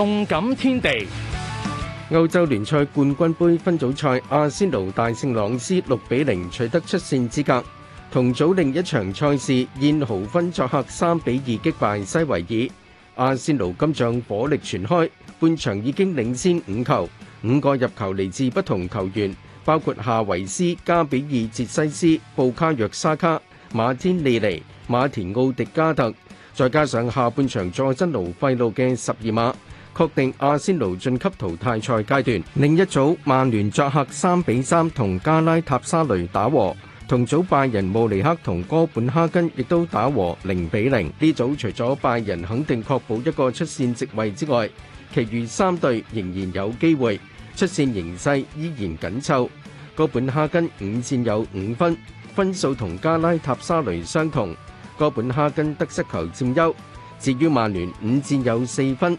動感天地，歐洲聯賽冠軍盃分組賽，阿仙奴大勝朗斯六比零取得出線資格。同組另一場賽事，燕豪芬作客三比二擊敗西維爾。阿仙奴今仗火力全開，半場已經領先五球，五個入球嚟自不同球員，包括夏維斯、加比爾、捷西斯、布卡約、沙卡、馬天利尼、馬田奧迪加特，再加上下半場再增盧費路嘅十二碼。確定阿仙奴晉級淘汰賽階段。另一組，曼聯作客三比三同加拉塔沙雷打和；同組拜仁慕尼黑同哥本哈根亦都打和零比零。呢組除咗拜仁肯定確保一個出線席位之外，其餘三隊仍然有機會出線，形勢依然緊湊。哥本哈根五戰有五分，分數同加拉塔沙雷相同。哥本哈根得失球佔優。至於曼聯五戰有四分。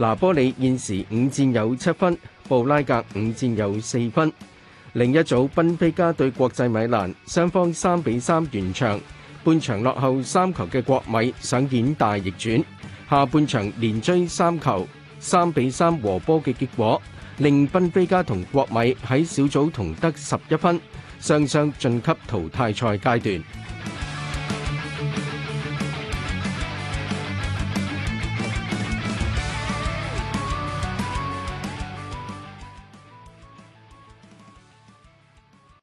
拿波里現時五戰有七分，布拉格五戰有四分。另一組，賓菲加對國際米蘭，雙方三比三完場，半場落後三球嘅國米上演大逆轉，下半場連追三球，三比三和波嘅結果，令賓菲加同國米喺小組同得十一分，雙雙晉級淘汰賽階段。